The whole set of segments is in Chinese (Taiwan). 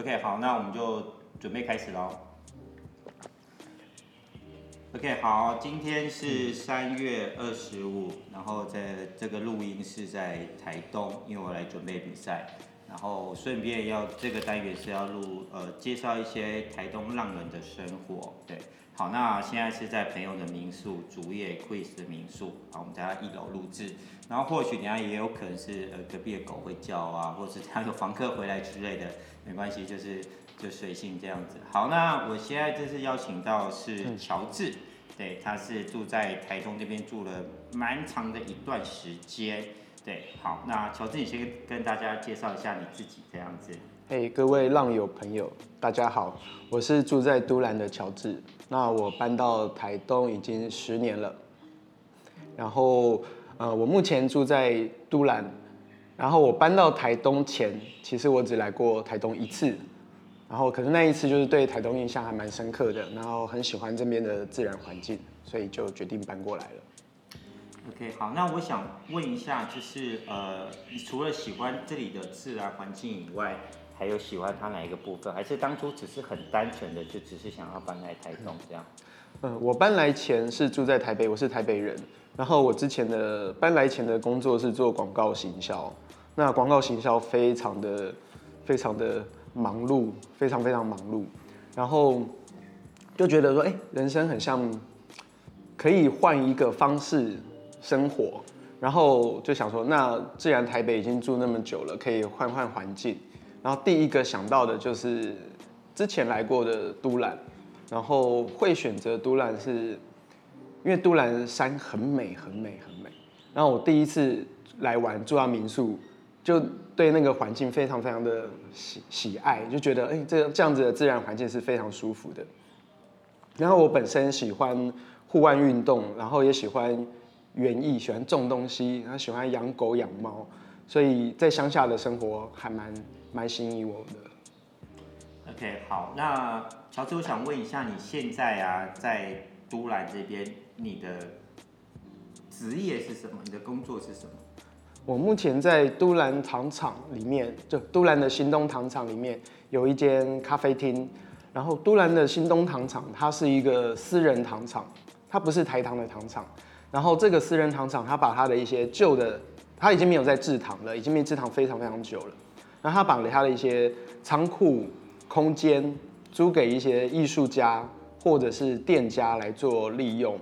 OK，好，那我們就準備開始咯。OK，好，今天是三月二十五，然後在這個錄音是在台東，因為我來準備比賽。然後順便要這個單元是要錄，呃，介紹一些台東浪人的生活。對，好，那現在是在朋友的民宿，竹葉桂枝的民宿，好，我們在一,一樓錄制。然後或許等下也有可能是，呃，隔壁的狗會叫啊，或是他有房客回來之類的，沒關係，就是就隨性這樣子。好，那我現在這次邀請到是喬治，嗯、對，他是住在台東這邊住了蠻長的一段時間。對，好，那喬治，你先跟大家介紹一下你自己這樣子。嘿，hey, 各位浪友朋友，大家好，我是住在都蘭的喬治。那我搬到台東已經十年了，然後呃，我目前住在都蘭。然後我搬到台東前，其實我只來過台東一次，然後可是那一次就是對台東印象還蠻深刻的，然後很喜歡這邊的自然環境，所以就決定搬過來了。OK，好，那我想問一下，就是呃，你除了喜歡這裡的自然環境以外，還有喜歡它哪一個部分？還是當初只是很單純的就只是想要搬來台東這樣？嗯，我搬來前是住在台北，我是台北人。然後我之前的搬來前的工作是做廣告行銷，那廣告行銷非常的非常的忙碌，非常非常忙碌。然後就覺得說，哎、欸，人生很像，可以換一個方式。生活，然後就想說，那既然台北已經住那麼久了，可以換換環境。然後第一個想到的就是之前來過的都蘭，然後會選擇都蘭是，是因為都蘭山很美，很美，很美。然後我第一次來玩，住到民宿，就對那個環境非常非常的喜喜愛，就覺得哎，這這樣子的自然環境是非常舒服的。然後我本身喜歡戶外運動，然後也喜歡。園藝，喜歡種東西，然後喜歡養狗養貓，所以在鄉下的生活還蠻蠻吸引我的。OK，好，那喬治，我想問一下，你現在啊，在都蘭這邊，你的職業是什麼？你的工作是什麼？我目前在都蘭糖廠裡面，就都蘭的新東糖廠裡面有一間咖啡廳。然後，都蘭的新東糖廠，它是一個私人糖廠，它不是台糖的糖廠。然後這個私人糖廠，他把他的一些舊的，他已經沒有在製糖了，已經沒製糖非常非常久了。然後他把了他的一些倉庫空間租給一些藝術家或者是店家來做利用。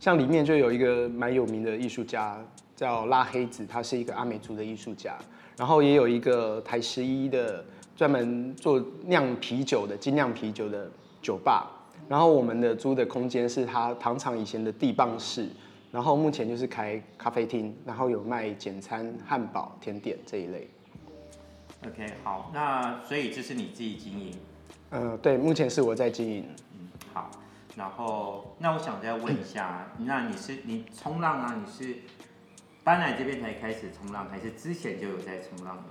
像裡面就有一個蠻有名的藝術家叫拉黑子，他是一個阿美族的藝術家。然後也有一個台十一的專門做釀啤酒的精釀啤酒的酒吧。然後我們的租的空間是他糖廠以前的地磅室。然後目前就是開咖啡廳，然後有賣簡餐、漢堡、甜點這一類。OK，好，那所以這是你自己經營？呃，對，目前是我在經營。嗯，好。然後，那我想再問一下，嗯，那你是你衝浪啊？你是搬來這邊才開始衝浪，還是之前就有在衝浪的？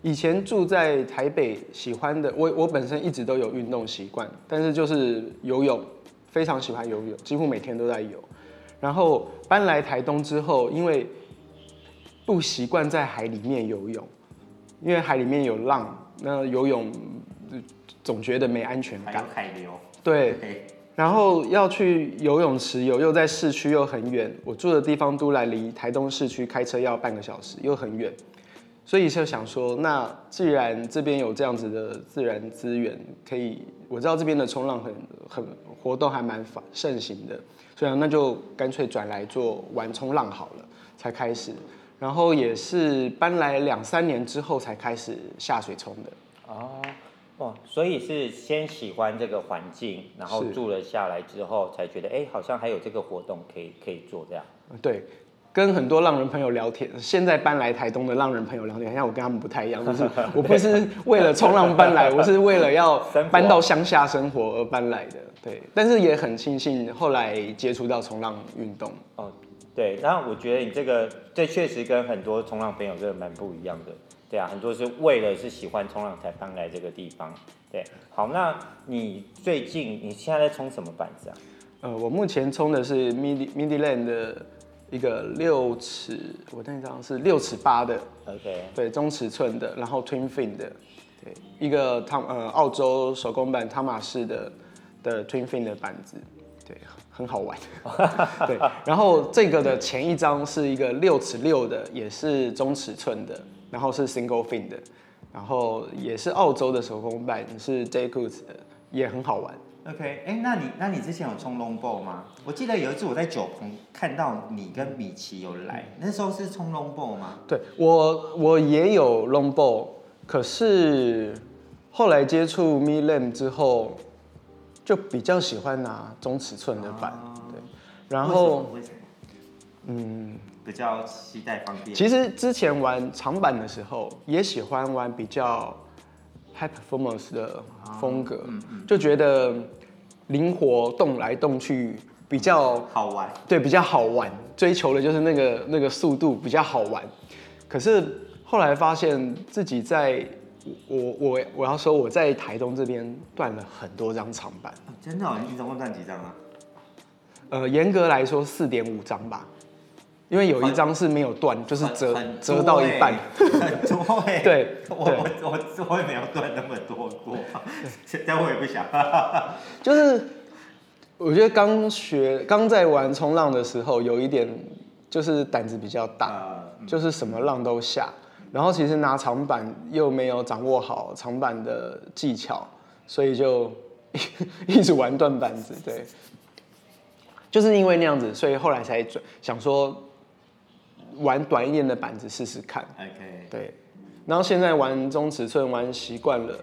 以前住在台北，喜歡的我我本身一直都有運動習慣，但是就是游泳，非常喜歡游泳，幾乎每天都在游。然後搬來台東之後，因為不習慣在海裡面游泳，因為海裡面有浪，那游泳總覺得沒安全感。海流。對。然後要去游泳池游，又在市區又很遠，我住的地方都蘭離台東市區開車要半個小時，又很遠。所以就想說，那既然這邊有這樣子的自然資源，可以我知道這邊的衝浪很很活動還蠻盛行的，所以那就乾脆轉來做玩衝浪好了。才開始，然後也是搬來兩三年之後才開始下水衝的哦。哦，所以是先喜歡這個環境，然後住了下來之後是才覺得，哎、欸，好像還有這個活動可以可以做這樣。對。跟很多浪人朋友聊天，現在搬來台東的浪人朋友聊天，好像我跟他們不太一樣，就是我不是為了衝浪搬來，我是為了要搬到鄉下生活而搬來的。對，但是也很慶幸後來接觸到衝浪運動。哦，對，然後我覺得你這個這確實跟很多衝浪朋友真的蠻不一樣的。對啊，很多是為了是喜歡衝浪才搬來這個地方。對，好，那你最近你現在在衝什麼板子啊？呃，我目前衝的是 mid midland 的。一個六尺，我那一張是六尺八的，OK，對，中尺寸的，然後 twin fin 的，對，一個湯呃澳洲手工板湯馬士的的 twin fin 的板子，對，很好玩， 對，然後這個的前一張是一個六尺六的，也是中尺寸的，然後是 single fin 的，然後也是澳洲的手工板，是 Jay Coons 的，也很好玩。OK，哎、欸，那你那你之前有衝 long board 嗎？我記得有一次我在九棚看到你跟米奇有來，嗯、那時候是衝 long board 嗎？對，我我也有 long board，可是後來接觸 Milam 之後，就比較喜歡拿中尺寸的板。啊、對，然後嗯，比較攜帶方便。其實之前玩長板的時候，也喜歡玩比較 high performance 的風格，啊、嗯嗯就覺得。靈活動來動去比較好玩，對，比較好玩。追求的就是那個那個速度比較好玩，可是後來發現自己在，我我我要說我在台東這邊斷了很多張長板，真的，你總共斷幾張啊？呃，嚴格來說四點五張吧。因為有一張是沒有斷，很就是折折、欸、到一半，欸、 對，對，對我我我我也沒有斷那麼多過，現在對我也不想， 就是我覺得剛學剛在玩衝浪的時候，有一點就是膽子比較大，呃、就是什麼浪都下，然後其實拿長板又沒有掌握好長板的技巧，所以就一直玩斷板子，對，就是因為那樣子，所以後來才想說，玩短一點的板子試試看，OK。對，然後現在玩中尺寸玩習慣了，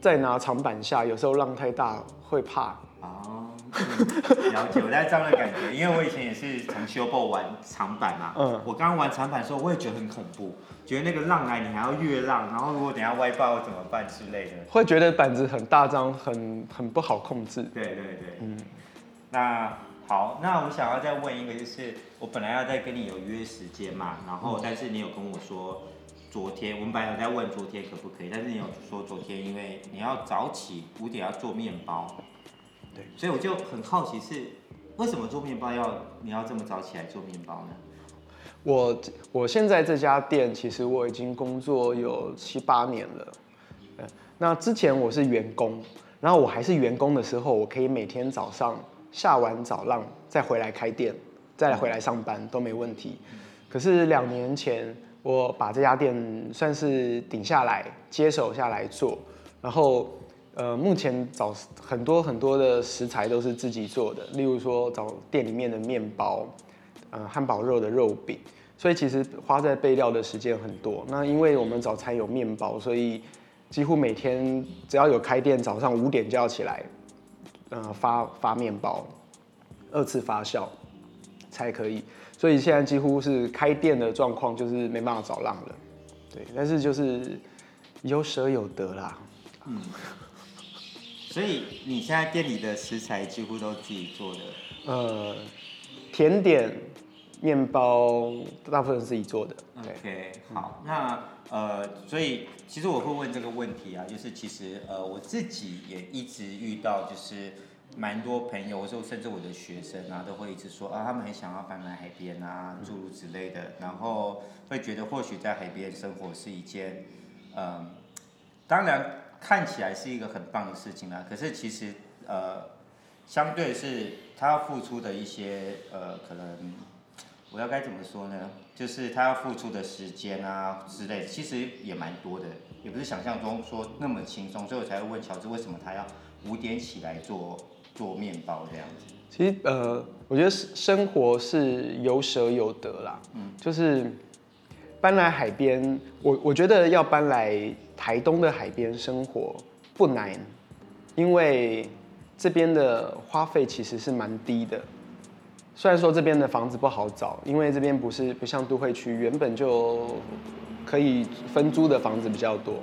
再拿長板下，有時候浪太大會怕。哦，嗯、 了解，我也這樣的感覺，因為我以前也是從修 u 玩長板嘛。嗯。我剛剛玩長板的時候，我也覺得很恐怖，覺得那個浪來你還要越浪，然後如果等下歪爆怎麼辦之類的，會覺得板子很大張，很很不好控制。對對對，嗯，那。好，那我想要再問一個，就是我本來要再跟你有約時間嘛，然後但是你有跟我說，昨天我們本來有在問昨天可不可以，但是你有說昨天因為你要早起五點要做麵包，對，所以我就很好奇是為什麼做麵包要你要這麼早起來做麵包呢？我我現在這家店其實我已經工作有七八年了，那之前我是員工，然後我還是員工的時候，我可以每天早上。下完早浪再回來開店，再回來上班都沒問題。嗯、可是兩年前我把這家店算是頂下來接手下來做，然後呃目前早很多很多的食材都是自己做的，例如說早店裡面的麵包，呃、漢堡肉的肉餅，所以其實花在備料的時間很多。那因為我們早餐有麵包，所以幾乎每天只要有開店，早上五點就要起來。呃、嗯，發發麵包，二次發酵才可以，所以現在幾乎是開店的狀況就是沒辦法找浪了，對，但是就是有捨有得啦、嗯，所以你現在店裡的食材幾乎都自己做的，呃，甜點。麵包大部分是自己做的。OK，、嗯、好，那呃，所以其實我會問這個問題啊，就是其實呃我自己也一直遇到，就是蠻多朋友，或者甚至我的學生啊，都會一直說啊，他們很想要搬來海邊啊，諸如此類的，嗯、然後會覺得或許在海邊生活是一件，嗯、呃，當然看起來是一個很棒的事情啦、啊，可是其實呃，相對是他要付出的一些呃可能。我要該怎麼說呢？就是他要付出的時間啊之類，其實也蠻多的，也不是想象中說那麼輕鬆，所以我才會問喬治為什麼他要五點起來做做麵包這樣子。其實呃，我覺得生活是有捨有得啦，嗯，就是搬來海邊，我我覺得要搬來台東的海邊生活不難，因為這邊的花費其實是蠻低的。雖然說這邊的房子不好找，因為這邊不是不像都會區，原本就可以分租的房子比較多。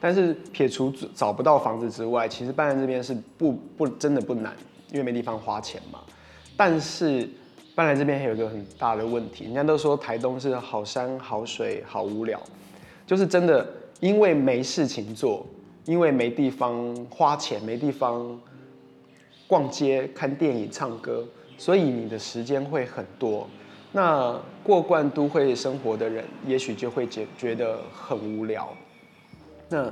但是撇除找不到房子之外，其實搬來這邊是不不真的不難，因為沒地方花錢嘛。但是搬來這邊還有一個很大的問題，人家都說台東是好山好水好無聊，就是真的因為沒事情做，因為沒地方花錢，沒地方逛街、看電影、唱歌。所以你的時間會很多，那過慣都會生活的人，也許就會覺覺得很無聊。那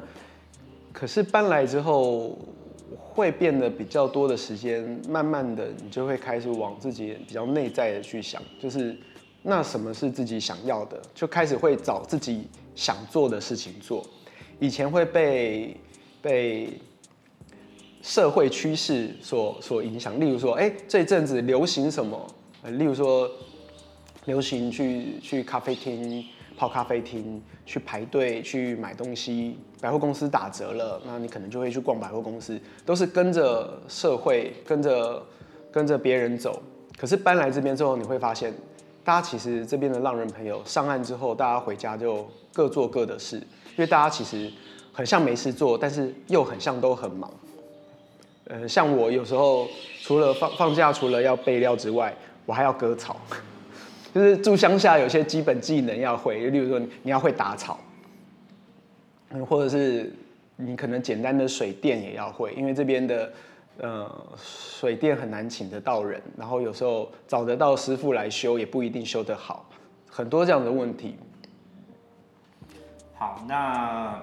可是搬來之後，會變得比較多的時間，慢慢的你就會開始往自己比較內在的去想，就是那什麼是自己想要的，就開始會找自己想做的事情做。以前會被被。社會趨勢所所影響，例如說，哎、欸，這一陣子流行什麼？例如說，流行去去咖啡廳，泡咖啡廳，去排隊去買東西。百貨公司打折了，那你可能就會去逛百貨公司，都是跟着社會，跟着跟着別人走。可是搬來這邊之後，你會發現，大家其實這邊的浪人朋友上岸之後，大家回家就各做各的事，因為大家其實很像沒事做，但是又很像都很忙。呃，像我有時候除了放放假，除了要備料之外，我還要割草。 就是住鄉下，有些基本技能要會，例如說你，你要會打草，嗯，或者是你可能簡單的水電也要會，因為這邊的呃水電很難請得到人，然後有時候找得到師傅來修，也不一定修得好，很多這樣的問題。好，那。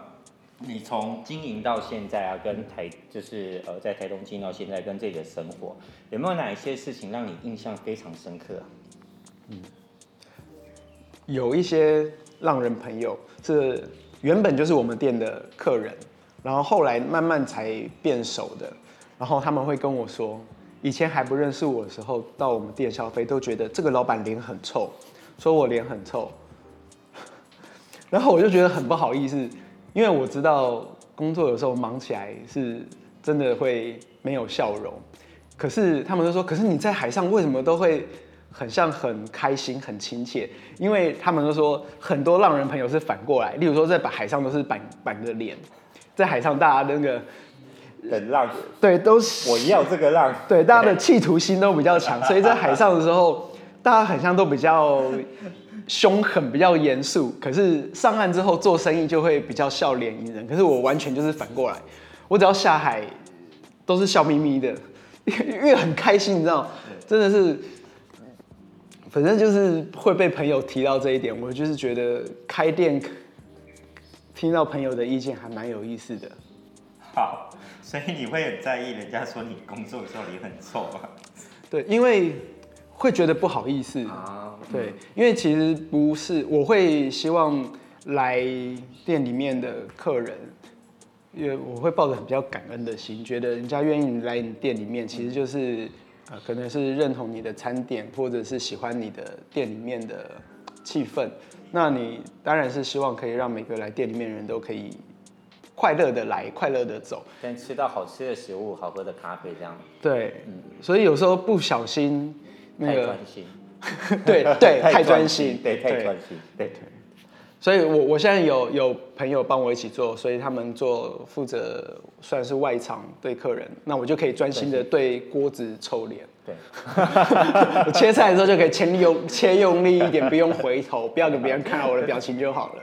你從經營到現在啊，跟台就是呃在台東經營到現在，跟這個的生活，有沒有哪一些事情讓你印象非常深刻啊？嗯，有一些浪人朋友是原本就是我們店的客人，然後後來慢慢才變熟的，然後他們會跟我說，以前還不認識我的時候，到我們店消費都覺得這個老闆臉很臭，說我臉很臭， 然後我就覺得很不好意思。因為我知道工作有時候忙起來是真的會沒有笑容，可是他們都說，可是你在海上為什麼都會很像很開心、很親切？因為他們都說很多浪人朋友是反過來，例如說在海上都是板板着臉，在海上大家那個等浪，對，都是我要這個浪，對，大家的企圖心都比較強，所以在海上的時候大家很像都比較。凶狠，比較嚴肅，可是上岸之後做生意就會比較笑臉迎人。可是我完全就是反過來，我只要下海都是笑眯眯的，因為很開心，你知道？真的是，反正就是會被朋友提到這一點，我就是覺得開店聽到朋友的意見還蠻有意思的。好，所以你會很在意人家說你工作的時候你很臭嗎？對，因為。會覺得不好意思啊，對，因為其實不是，我會希望來店裡面的客人，因為我會抱着很比較感恩的心，覺得人家願意來你店裡面，其實就是、呃、可能是認同你的餐點，或者是喜歡你的店裡面的氣氛。那你當然是希望可以讓每個來店裡面的人都可以快樂的來，快樂的走，先吃到好吃的食物，好喝的咖啡，這樣。對，所以有時候不小心。那個、太專心，對 對，對太專心，對太專心，對對。所以我，我我現在有有朋友幫我一起做，所以他們做負責算是外場對客人，那我就可以專心的對鍋子臭臉。對， 對，我切菜的時候就可以切用切用力一點，不用回頭，不要給別人看到我的表情就好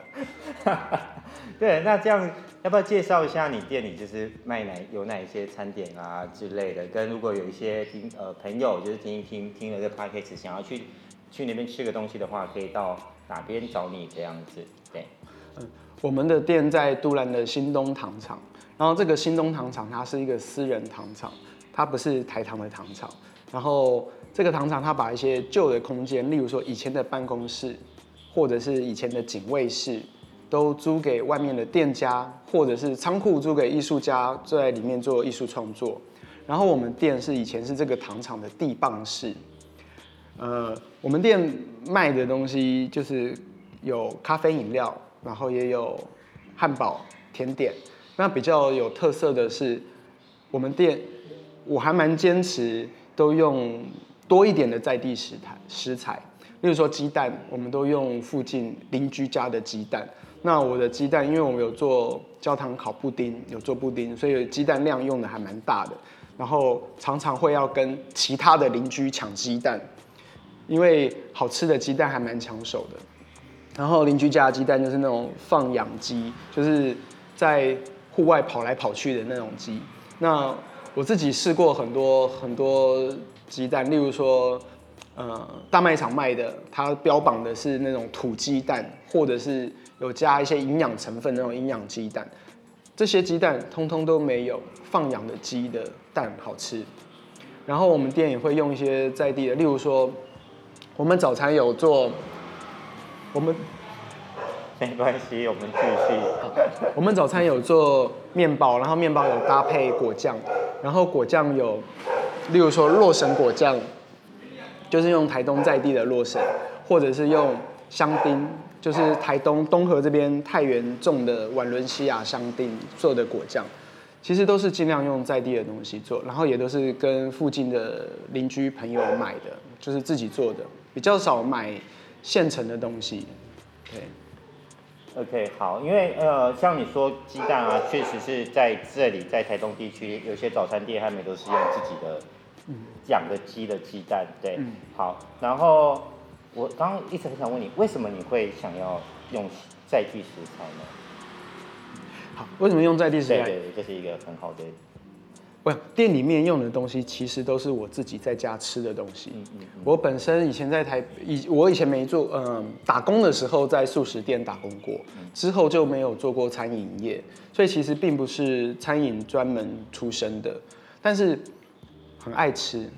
了。 對，那這樣要不要介紹一下你店裡就是賣哪有哪一些餐點啊之類的？跟如果有一些聽呃朋友就是聽一聽聽了這 podcast 想要去去那邊吃個東西的話，可以到哪邊找你這樣子？對，嗯，我們的店在都蘭的新東糖廠，然後這個新東糖廠它是一個私人糖廠，它不是台糖的糖廠，然後這個糖廠它把一些舊的空間，例如說以前的辦公室或者是以前的警衛室。都租給外面的店家，或者是倉庫租給藝術家，在裡面做藝術創作。然後我們店是以前是這個糖廠的地磅室。呃，我們店賣的東西就是有咖啡飲料，然後也有漢堡甜點。那比較有特色的是，我們店我還蠻堅持都用多一點的在地食材，食材，例如說雞蛋，我們都用附近鄰居家的雞蛋。那我的雞蛋，因為我們有做焦糖烤布丁，有做布丁，所以雞蛋量用的還蠻大的。然後常常會要跟其他的鄰居搶雞蛋，因為好吃的雞蛋還蠻搶手的。然後鄰居家的雞蛋就是那種放養雞，就是在戶外跑來跑去的那種雞。那我自己試過很多很多雞蛋，例如說，呃，大賣場賣的，它標榜的是那種土雞蛋，或者是有加一些營養成分的那種營養雞蛋，這些雞蛋通通都沒有放養的雞的蛋好吃。然後我們店也會用一些在地的，例如說，我們早餐有做，我們沒關係，我們繼續。我們早餐有做麵包，然後麵包有搭配果醬，然後果醬有，例如說洛神果醬，就是用台東在地的洛神，或者是用香檳。就是台東東河這邊太原種的瓦倫西亞香丁做的果醬，其實都是盡量用在地的東西做，然後也都是跟附近的鄰居朋友買的，就是自己做的，比較少買現成的東西。對，OK 好，因為呃，像你說雞蛋啊，確實是在這裡，在台東地區有些早餐店他們都是用自己的養的雞的雞蛋。對，嗯、好，然後。我剛剛一直很想問你，為什麼你會想要用在地食材呢？好，為什麼用在地食材？對，對對，這是一個很好的。不，店裡面用的東西其實都是我自己在家吃的東西。嗯嗯嗯、我本身以前在台，以我以前沒做，呃，打工的時候在素食店打工過，之後就沒有做過餐飲業，所以其實並不是餐飲專門出身的，嗯、但是很愛吃，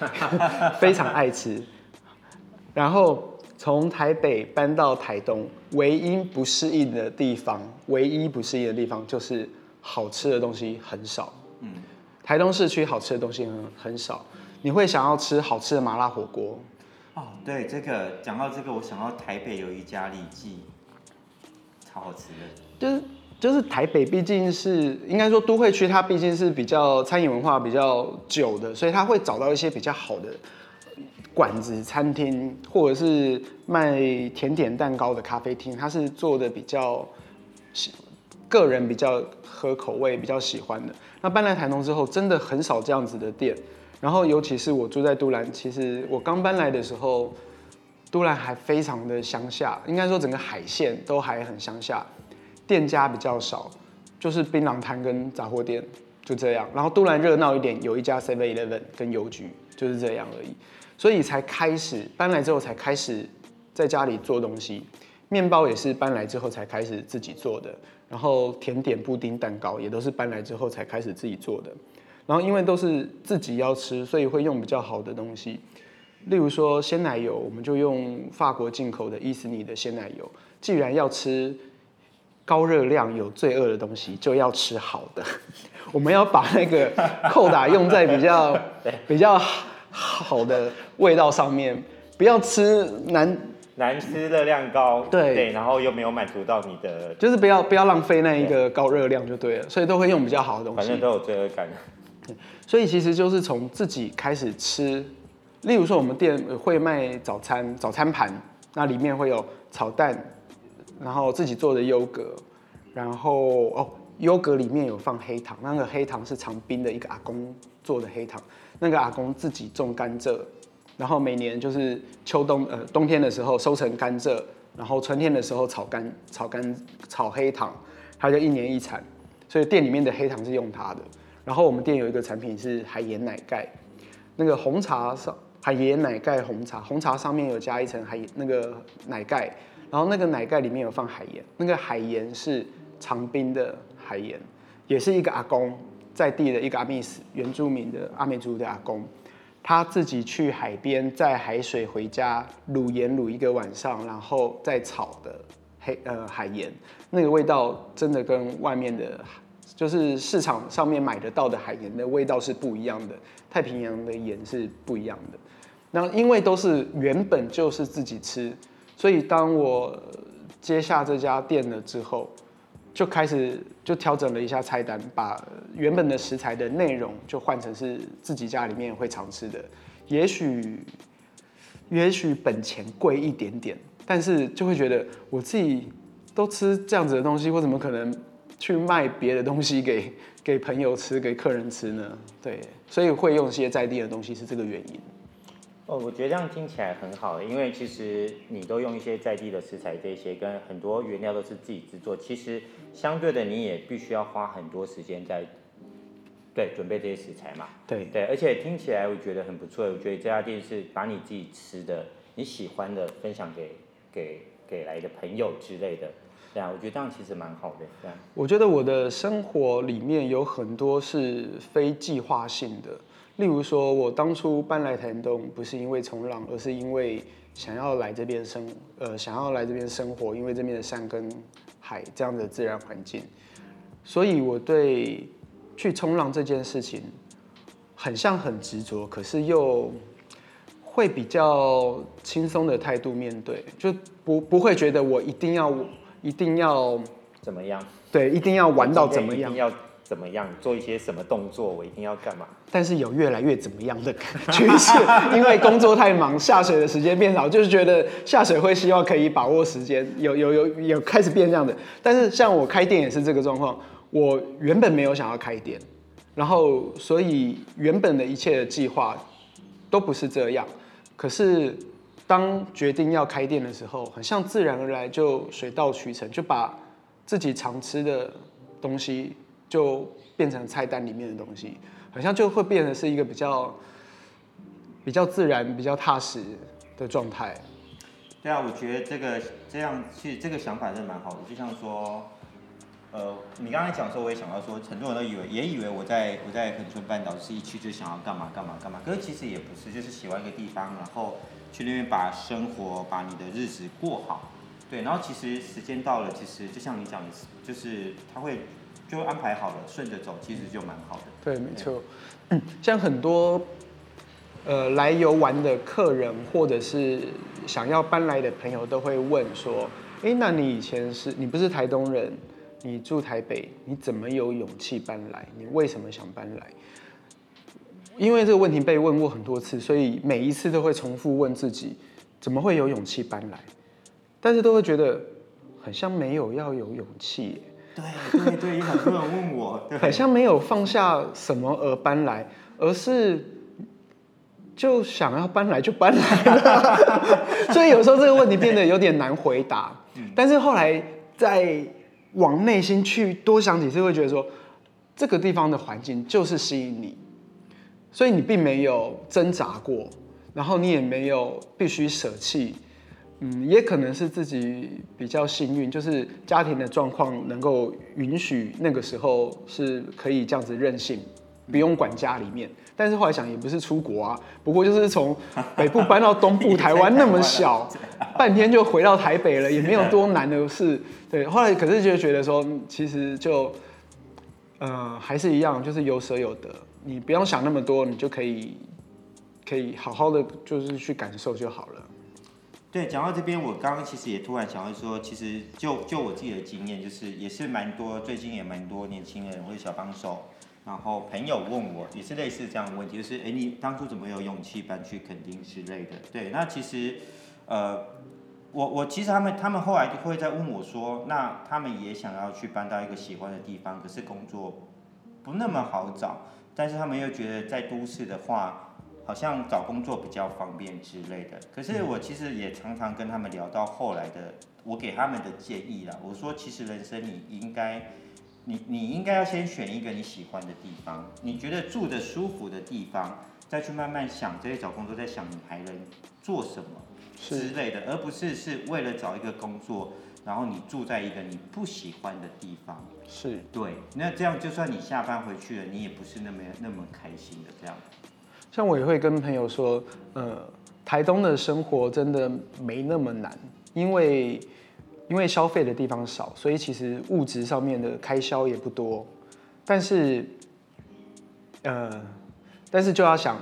非常愛吃。然後從台北搬到台東，唯一不適應的地方，唯一不適應的地方就是好吃的東西很少。嗯，台東市區好吃的東西很很少，你會想要吃好吃的麻辣火鍋？哦，對，這個講到這個，我想到台北有一家李記，超好吃的。就是就是台北畢竟是應該說都會區，它畢竟是比較餐飲文化比較久的，所以它會找到一些比較好的。館子餐廳，或者是賣甜點蛋糕的咖啡廳，它是做的比較喜，個人比較合口味，比較喜歡的。那搬來台東之後，真的很少這樣子的店。然後，尤其是我住在都蘭，其實我剛搬來的時候，都蘭還非常的鄉下，應該說整個海線都還很鄉下，店家比較少，就是檳榔攤跟雜貨店，就這樣。然後都蘭熱鬧一點，有一家 Seven Eleven 跟郵局，就是這樣而已。所以才開始搬來之後才開始在家裡做東西，麵包也是搬來之後才開始自己做的，然後甜點、布丁、蛋糕也都是搬來之後才開始自己做的。然後因為都是自己要吃，所以會用比較好的東西，例如說鮮奶油，我們就用法國進口的伊斯尼的鮮奶油。既然要吃高熱量有罪惡的東西，就要吃好的。我們要把那個扣打用在比較比較好的味道上面，不要吃難難吃、熱量高，對，對然後又沒有滿足到你的，就是不要不要浪費那一個高熱量就對了，對，所以都會用比較好的東西，反正都有罪惡感。所以其實就是從自己開始吃，例如說我們店會賣早餐，早餐盤那裡面會有炒蛋，然後自己做的優格，然後哦優格裡面有放黑糖，那個黑糖是長濱的一個阿公做的黑糖。那個阿公自己種甘蔗，然後每年就是秋冬呃冬天的時候收成甘蔗，然後春天的時候炒乾炒乾炒黑糖，他就一年一產，所以店裡面的黑糖是用他的。然後我們店有一個產品是海鹽奶蓋，那個紅茶上海鹽奶蓋紅茶，紅茶上面有加一層海那個奶蓋，然後那個奶蓋裡面有放海鹽，那個海鹽是長濱的海鹽，也是一個阿公。在地的一個阿密斯原住民的阿美族的阿公，他自己去海邊，帶海水回家滷鹽滷一個晚上，然後再炒的黑呃海鹽，那個味道真的跟外面的，就是市場上面買得到的海鹽的味道是不一樣的，太平洋的鹽是不一樣的。那因為都是原本就是自己吃，所以當我接下這家店了之後。就開始就調整了一下菜單，把原本的食材的內容就換成是自己家裡面會常吃的，也許也許本錢貴一點點，但是就會覺得我自己都吃這樣子的東西，我怎麼可能去賣別的東西給給朋友吃，給客人吃呢？對，所以會用些在地的東西是這個原因。哦，oh, 我覺得這樣聽起來很好，因為其實你都用一些在地的食材，這些跟很多原料都是自己製作。其實相對的，你也必須要花很多時間在對準備這些食材嘛。對對，而且聽起來我覺得很不錯。我覺得這家店是把你自己吃的、你喜歡的分享給給給來的朋友之類的，對啊，我覺得這樣其實蠻好的。這樣、啊，我覺得我的生活裡面有很多是非計劃性的。例如說，我當初搬來台東不是因為衝浪，而是因為想要來這邊生，呃，想要來這邊生活，因為這邊的山跟海這樣的自然環境。所以我對去衝浪這件事情，很像很執着，可是又會比較輕鬆的態度面對，就不不會覺得我一定要一定要怎麼樣，對，一定要玩到怎麼樣。怎麼樣？做一些什麼動作？我一定要幹嘛？但是有越來越怎麼樣的趨勢？因為工作太忙， 下水的時間變少，就是覺得下水會希望可以把握時間，有有有有開始變這樣的。但是像我開店也是這個狀況，我原本沒有想要開店，然後所以原本的一切的計劃都不是這樣。可是當決定要開店的時候，很像自然而然就水到渠成，就把自己常吃的東西。就變成菜單裡面的東西，好像就會變成是一個比較比較自然，比較踏實的狀態。對啊，我覺得這個這樣去這個想法是蠻好的。就像說，呃，你剛才講說，我也想到說，很多人都以為也以為我在我在恆春半島是一去就想要幹嘛幹嘛幹嘛，可是其實也不是，就是喜歡一個地方，然後去那邊把生活，把你的日子過好。對，然後其實時間到了，其實就像你講的，就是他會。就安排好了，順着走，其實就蠻好的。對，沒錯、嗯。像很多呃來遊玩的客人，或者是想要搬來的朋友，都會問說：“誒、欸，那你以前是你不是台東人，你住台北，你怎麼有勇氣搬來？你為什麼想搬來？”因為這個問題被問過很多次，所以每一次都會重複問自己：怎麼會有勇氣搬來？但是都會覺得，好像沒有要有勇氣耶。對，對對，有很多人問我，對，好像沒有放下什麼而搬來，而是就想要搬來就搬來了， 所以有時候這個問題變得有點難回答。對但是後來再往內心去多想幾次，會覺得說這個地方的環境就是吸引你，所以你並沒有掙扎過，然後你也沒有必須捨棄。嗯，也可能是自己比較幸運，就是家庭的狀況能夠允許那個時候是可以這樣子任性，不用管家裡面。但是後來想，也不是出國啊，不過就是從北部搬到東部，台灣那麼小，半天就回到台北了，也沒有多難的事。對，後來可是就覺得說，其實就，呃，還是一樣，就是有捨有得，你不用想那麼多，你就可以，可以好好的就是去感受就好了。對，講到這邊，我剛剛其實也突然想到說，其實就就我自己的經驗，就是也是蠻多，最近也蠻多年輕人或者小幫手，然後朋友問我也是類似這樣的問題，就是誒，你當初怎麼有勇氣搬去墾丁之類的？對，那其實呃，我我其實他們他們後來就會再問我說，那他們也想要去搬到一個喜歡的地方，可是工作不那麼好找，但是他們又覺得在都市的話，好像找工作比較方便之類的，可是我其實也常常跟他們聊到後來的，我給他們的建議啦，我說其實人生你應該，你你應該要先選一個你喜歡的地方，你覺得住得舒服的地方，再去慢慢想這些找工作，再想你還能做什麼之類的，而不是是為了找一個工作，然後你住在一個你不喜歡的地方，是對，那這樣就算你下班回去了，你也不是那麼那麼開心的這樣。像我也會跟朋友說，呃，台東的生活真的沒那麼難，因為因為消費的地方少，所以其實物質上面的開銷也不多。但是，呃，但是就要想，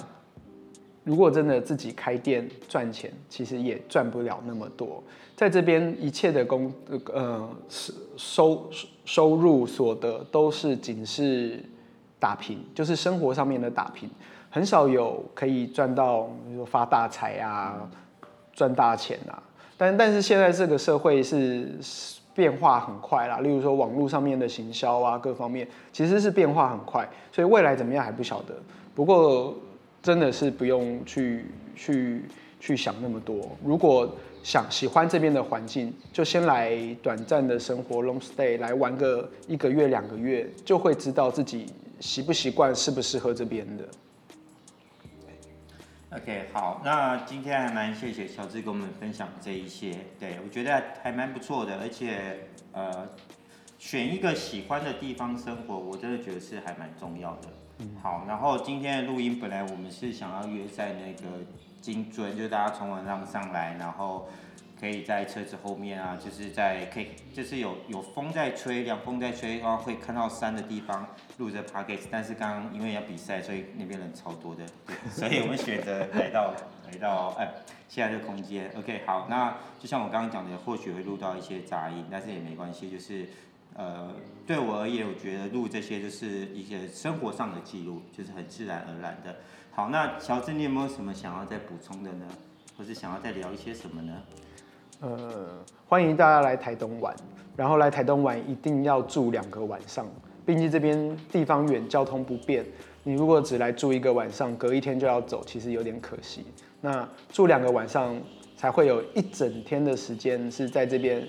如果真的自己開店賺錢，其實也賺不了那麼多。在這邊一切的工，呃，收收收入所得都是僅是打平，就是生活上面的打平。很少有可以賺到，比如說發大財啊，賺大錢啊。但但是現在這個社會是變化很快啦，例如說網絡上面的行銷啊，各方面其實是變化很快，所以未來怎麼樣還不曉得。不過真的是不用去去去想那麼多。如果想喜歡這邊的環境，就先來短暫的生活 （long stay） 來玩個一個月、兩個月，就會知道自己習不習慣，適不適合這邊的。OK，好，那今天還蠻謝謝喬治跟我們分享這一些，對，我覺得還蠻不錯的，而且呃，選一個喜歡的地方生活，我真的覺得是還蠻重要的。嗯、好，然後今天的錄音本來我們是想要約在那個金樽，就是、大家從晚上上來，然後。可以在車子後面啊，就是在可以，就是有有風在吹，涼風在吹，然後，啊，會看到山的地方錄着 package，但是剛剛因為要比賽，所以那邊人超多的，所以我們選擇來到來到哎現在的空間。OK，好，那就像我剛剛講的，或許會錄到一些雜音，但是也沒關係，就是呃對我而言，我覺得錄這些就是一些生活上的記錄，就是很自然而然的。好，那喬治，你有沒有什麼想要再補充的呢？或是想要再聊一些什麼呢？呃、嗯，歡迎大家來台東玩。然後來台東玩一定要住兩個晚上，並且這邊地方遠，交通不便。你如果只來住一個晚上，隔一天就要走，其實有點可惜。那住兩個晚上，才會有一整天的時間是在這邊，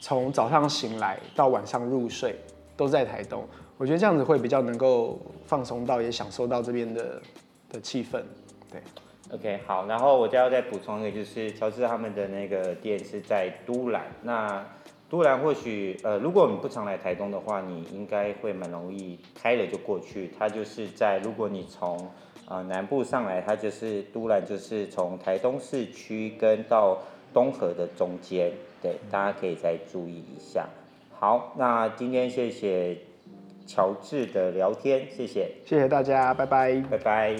從早上醒來到晚上入睡，都在台東。我覺得這樣子會比較能夠放鬆到，也享受到這邊的的氣氛，對。OK，好，然後我就要再補充一個，就是喬治他們的那個店是在都蘭，那都蘭或許呃，如果你不常來台東的話，你應該會蠻容易開了就過去。它就是在如果你從、呃、南部上來，它就是都蘭，就是從台東市區跟到東河的中間，對，大家可以再注意一下。好，那今天謝謝喬治的聊天，謝謝，謝謝大家，拜拜，拜拜。